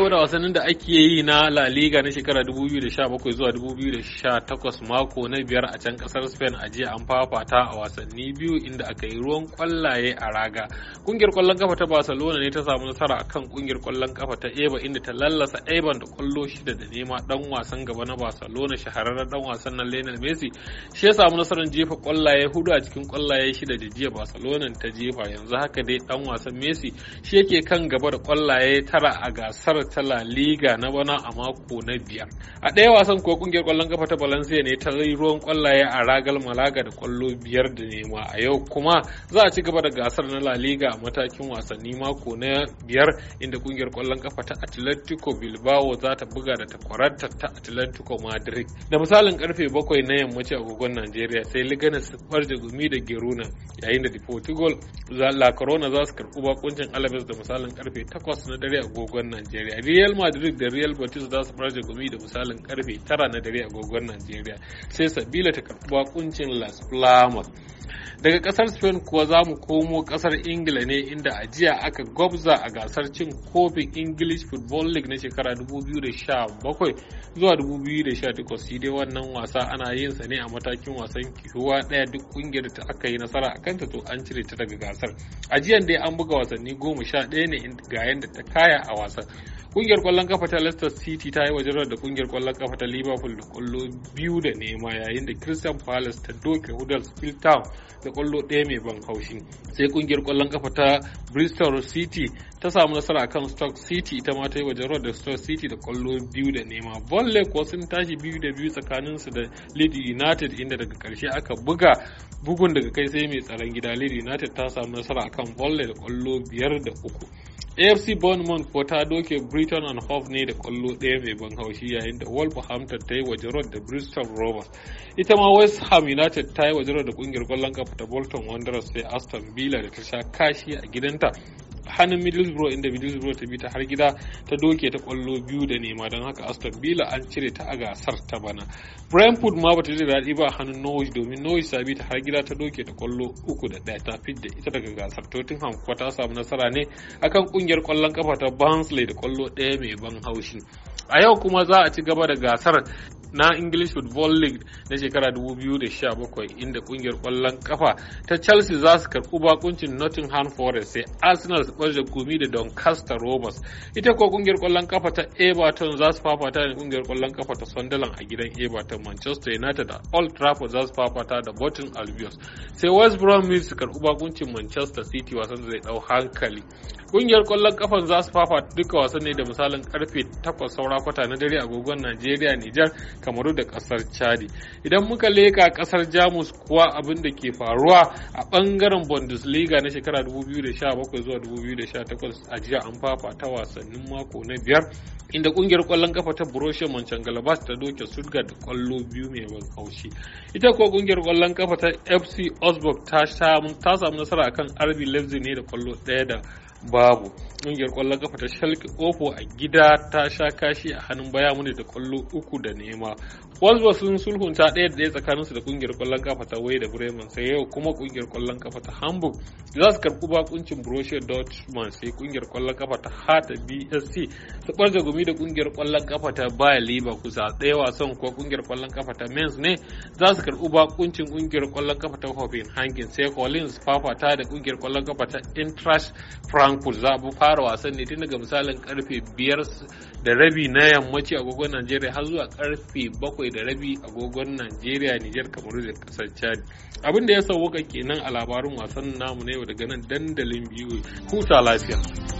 gaba da wasannin da ake yi na La Liga na shekara 2017 zuwa 2018 mako na biyar a can kasar Spain a jiya an fafata a wasanni biyu inda aka yi ruwan kwallaye a raga. Kungiyar kwallon kafa ta Barcelona ne ta samu nasara akan kungiyar kwallon kafa ta Eba inda ta lallasa Eban da kwallo shida da nema dan wasan gaba na Barcelona shahararren dan wasan nan Lionel Messi shi ya samu nasarar jefa kwallaye hudu a cikin kwallaye shida da jiya Barcelona ta jefa yanzu haka dai dan wasan Messi shi yake kan gaba da kwallaye tara a gasar ta La Liga na bana a mako na biyar. A ɗaya wasan kuwa kungiyar ƙwallon kafa ta Valencia ne ta yi ruwan ƙwallaye a ragal Malaga da ƙwallo biyar da nema a yau kuma za a ci gaba da gasar na La Liga a matakin wasanni mako na biyar inda kungiyar ƙwallon kafa ta Atletico Bilbao za ta buga da takwaranta ta Atletico Madrid. Da misalin karfe bakwai na yammaci agogon Najeriya sai Liganes da gumi da Geruna yayin da Deportivo La Corona za su karɓi bakuncin Alaves da misalin karfe takwas na dare agogon Najeriya. real madrid da real betis za su farce gumi da misalin karfe 9 na dare a agogon najeriya sai sabila ta karɓi bakuncin las palmas daga kasar spain kuwa za mu komo kasar ingila ne inda a jiya aka gwabza a gasar cin kofin english football league na shekara 2017 zuwa 2018 shi dai wannan wasa ana yin sa ne a matakin wasan kihuwa daya duk kungiyar da aka yi nasara a kanta to an cire ta daga gasar a jiyan dai an buga wasanni goma sha ɗaya ne ga yadda ta kaya a wasan kungiyar kwallon kafa ta Leicester City ta yi wajen da kungiyar kwallon kafa ta Liverpool da kwallo biyu da nema yayin da christian Palace ta doke Huddersfield Town da kwallo ɗaya mai ban haushi sai kungiyar kwallon kafa ta bristol city ta samu nasara kan stock city ita ma ta yi wajen da stock city da kwallo biyu da nema volley kuwa sun tashi biyu da biyu tsakaninsu da lead united inda daga karshe aka buga bugun daga kai sai mai tsaron gida lead united ta samu nasara akan volley da kwallo biyar da uku afc bournemouth ko ta doke britain and hove ne da kwallo ɗaya mai ban haushi yayin da wolverhampton ta yi wa da bristol rovers ita ma west ham united ta yi wa da kungiyar kwallon kafa ta bolton wanderers sai aston villa da ta sha kashi a gidanta hannun Middlesbrough inda Middlesbrough ta bi ta har gida ta doke ta kwallo biyu da nema don haka Aston Villa an cire ta a gasar ta bana. Brentford ma bata ji daɗi ba a hannun Norwich domin Norwich ta bi ta har gida ta doke ta kwallo uku da ɗaya ta fidda ita daga gasar Tottenham kuwa ta samu nasara ne akan kungiyar kwallon kafa ta Barnsley da kwallo ɗaya mai ban haushi. A yau kuma za a ci gaba da gasar na English Football League na shekara 2017 inda kungiyar kwallon kafa ta Chelsea za su karɓi bakuncin Nottingham Forest sai Arsenal su ɓarje gumi da Doncaster Rovers. Ita kuwa kungiyar kwallon kafa ta Everton za su fafata da kungiyar kwallon kafa ta Sunderland a gidan Everton Manchester United da Old Trafford za su fafata da Bolton Albion. Sai West Bromwich su karɓi bakuncin Manchester City wasan zai ɗau hankali. Kungiyar kwallon kafa za su fafata duka wasan ne da misalin karfe 8 saura kwata na dare a agogon Najeriya Nijar kamaru da kasar chadi idan muka leka kasar jamus kuwa abin da ke faruwa a bangaren bundesliga na shekara 2017 zuwa 2018 a jiya an ta wasannin mako na biyar inda kungiyar kwallon kafa ta Borussia Mönchengladbach ta doke Stuttgart da kwallo biyu mai ban kaushi ita kuwa kungiyar kwallon kafa ta FC Augsburg ta samu nasara akan RB Leipzig ne da kwallo daya da babu ƙungiyar ƙwallon kafa ta shalke kofo a gida ta sha kashi a hannun baya muni da ƙwallo uku da nema Wolves sun sulhunta ɗaya da ɗaya su da kungiyar ƙwallon kafa ta Wai da Bremen sai yau kuma kungiyar ƙwallon kafa ta Hamburg za su karɓi bakuncin Borussia Dortmund sai kungiyar ƙwallon kafa ta Hertha BSC su ɓarje gumi da kungiyar ƙwallon kafa ta Bayer Leverkusen ɗaya wasan ko kungiyar ƙwallon kafa ta Mainz ne za su karɓi bakuncin kungiyar ƙwallon kafa ta Hoffenheim sai Collins fafata da kungiyar ƙwallon kafa ta Eintracht Frankfurt za a fara wasan ne tun daga misalin karfe biyar da rabi na yammaci agogon Najeriya har zuwa karfe bakwai da rabi agogon Najeriya, Nijar, Kamaru da kasar Chad. Abin da ya sauwaka kenan a labarin wasan namu na yau daga nan dandalin biyu huta lafiya.